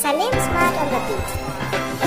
Salim Smart on the beat.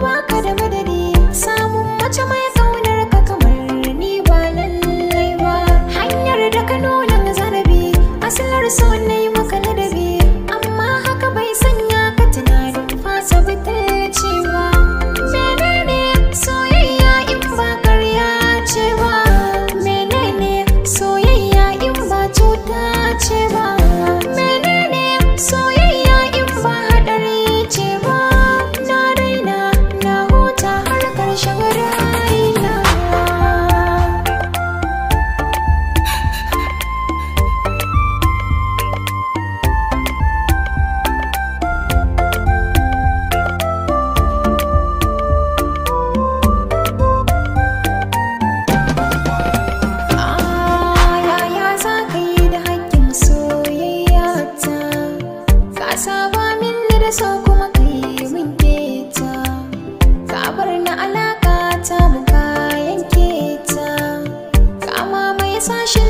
baka da madadi samun mace mai kaunar ka kamar ni ba lallai ba hanyar da ka nuna zarabi asalar so ne so kuma ka min keta ka na alaka ta mu ka yanke ta ka mamaye sashen